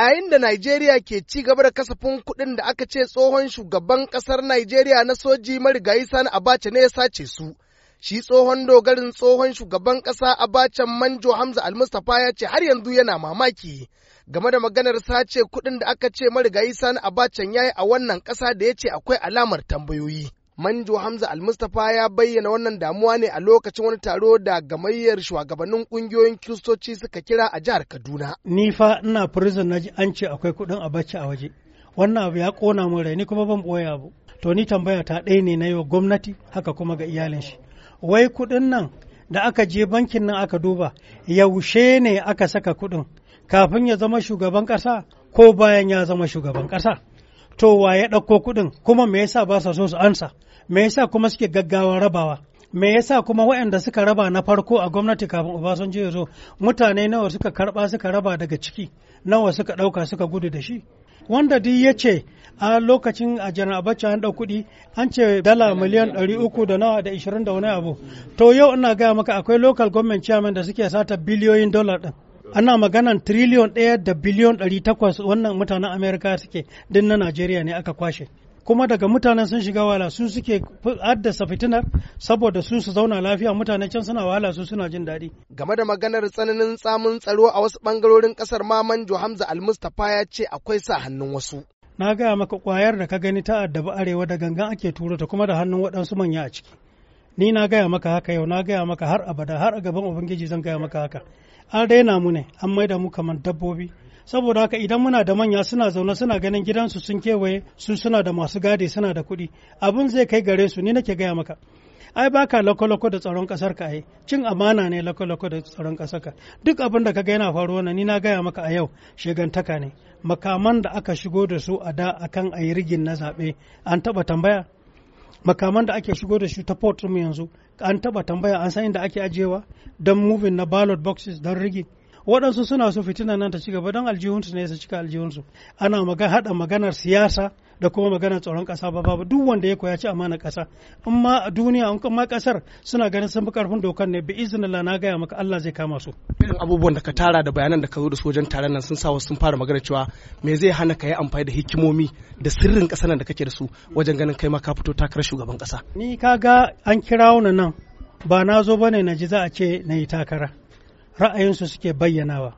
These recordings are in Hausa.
a yayin da Najeriya ke ci gaba da kasafin kuɗin da aka ce tsohon shugaban ƙasar Najeriya na soji marigayi Sani Abacha ne ya sace su. Shi tsohon dogarin tsohon shugaban ƙasa Abacha Manjo Hamza Almustapha ya ce har yanzu yana mamaki game da maganar sace kuɗin da aka ce marigayi Sani Abacha ya yi a wannan ƙasa da ya ce akwai alamar tambayoyi. Manjo Hamza Almustapha ya bayyana wannan damuwa ne a lokacin wani taro da gamayyar shugabannin kungiyoyin Kiristoci suka kira a jihar Kaduna. Ni fa ina prison na ji an ce akwai kuɗin abaci a waje. Wannan abu ya kona min rai ni kuma ban boya abu. To ni tambaya ta ɗaya ne na yau gwamnati haka kuma ga iyalin shi. Wai kuɗin nan da aka je bankin nan aka duba yaushe ne aka saka kuɗin kafin ya zama shugaban ƙasa ko bayan ya zama shugaban ƙasa. to wa ya ɗauko kuɗin kuma me yasa ba sa so su ansa me yasa kuma suke gaggawa rabawa me yasa kuma waɗanda suka raba na farko a gwamnati kafin Obasanjo ya zo mutane nawa suka karɓa suka raba daga ciki nawa suka ɗauka suka gudu da shi wanda duk ya ce a lokacin a janar abacha an ɗau kuɗi an ce dala miliyan ɗari uku da nawa da ishirin da wani abu to yau ina gaya maka akwai local government chairman da suke sata biliyoyin dollar ɗin ana maganan triliyon ɗaya da biliyon ɗari takwas wannan mutanen amerika suke din na najeriya ne aka kwashe kuma daga mutanen sun shiga wahala su suke haddasa fitinar saboda su su zauna lafiya mutane can suna wahala su suna jin daɗi. Game da maganar tsananin tsamin tsaro a wasu ɓangarorin ƙasar Mamanjo Hamza Almustapha ya ce akwai sa hannun wasu. Na gaya maka ƙwayar da ka gani ta addabi arewa da gangan ake turo ta kuma da hannun waɗansu manya a ciki. ni na gaya maka haka yau na gaya maka har abada har a gaban ubangiji zan gaya maka haka an raina mu ne an maida mu kamar dabbobi saboda haka idan muna da manya suna zaune suna ganin gidansu sun kewaye su suna da masu gadi suna da kuɗi abun zai kai gare su ni nake gaya maka ai baka lako-lako da tsaron kasar ka ai cin amana ne lako-lako da tsaron kasar ka duk abin da kaga yana faruwa na ni na gaya maka a yau shegantaka ne makaman da aka shigo da su a da akan ayi rigin na zaɓe an taɓa tambaya makaman da ake shigo da shi ta port mu yanzu an taba tambaya an san inda ake ajiyewa don moving na ballot boxes don rigi. waɗansu suna so fitinan nan ta ci gaba don aljihunsu ne su cika aljihunsu ana maga haɗa maganar siyasa da kuma maganar tsaron ƙasa ba babu duk wanda ya koya ci amana ƙasa in ma a duniya in ma ƙasar suna ganin sun fi ƙarfin dokar ne bi iznillah na gaya maka Allah zai kama su irin abubuwan da ka tara da bayanan da ka zo da sojan taron nan sun sa sun fara magana cewa me zai hana ka yi amfani da hikimomi da sirrin ƙasar nan da kake da su wajen ganin kai ma ka fito takarar shugaban ƙasa ni kaga an kirawo nan ba na zo bane na ji za a ce na yi takara ra'ayinsu suke bayyanawa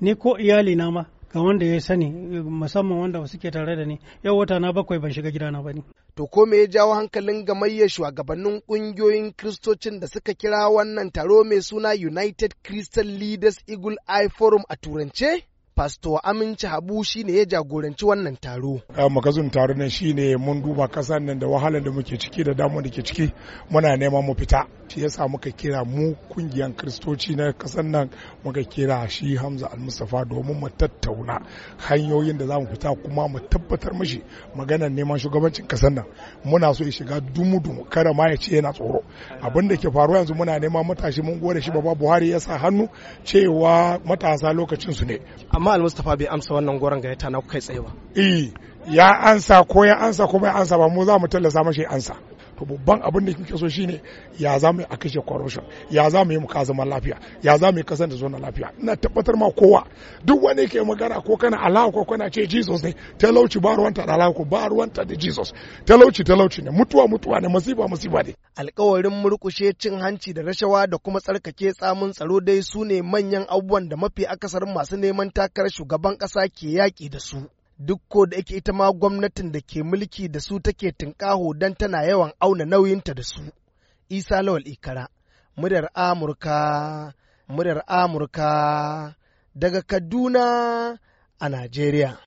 ni ko iyalina na ma ga wanda ya sani musamman wanda suke tare da ni yau wata na bakwai ban shiga gidana ba ne to ko me ya jawo hankalin gamayyar shugabannin kungiyoyin kristocin da suka kira wannan taro mai suna united christian leaders eagle eye forum a turance Pasto Aminci Habu shi ne ya jagoranci wannan taro. Makazin taro nan shi ne mun duba kasan nan da wahalar da muke ciki da damar da ke ciki muna neman mu fita. Shi ya muka kira mu kungiyan kristoci na kasan nan muka kira shi Hamza Almustapha domin mu tattauna hanyoyin da za mu fita kuma mu tabbatar mashi maganar neman shugabancin kasan nan. Muna so ya shiga dumu-dumu kada ma ya ce yana tsoro. Abin da ke faruwa yanzu muna neman matashi mun gode shi babba Buhari ya sa hannu cewa matasa lokacinsu ne. amma almustafa bai amsa wannan goron gayyata na kai tsaye ba eh ya ansa ko ya ansa ko bai ansa ba mu za mu tallasa mashi ansa to babban abin da kuke so shine ya za mu a kashe corruption ya za mu yi mu zaman lafiya ya za mu yi kasan da zona lafiya ina tabbatar ma kowa duk wani ke magana ko kana Allah ko kana ce Jesus ne talauci ba ruwanta da Allah ko ba ruwanta da Jesus talauci talauci ne mutuwa mutuwa ne masiba masiba ne alƙawarin murƙushe cin hanci da rashawa da kuma tsarkake tsamin tsaro dai su ne manyan abubuwan da mafi akasarin masu neman takarar shugaban ƙasa ke yaƙi da su duk ko da yake ita ma gwamnatin da ke mulki da su take tunƙaho don tana yawan auna nauyinta da su. Isa Lawal Ikara, muryar Amurka, muryar Amurka daga Kaduna a Najeriya.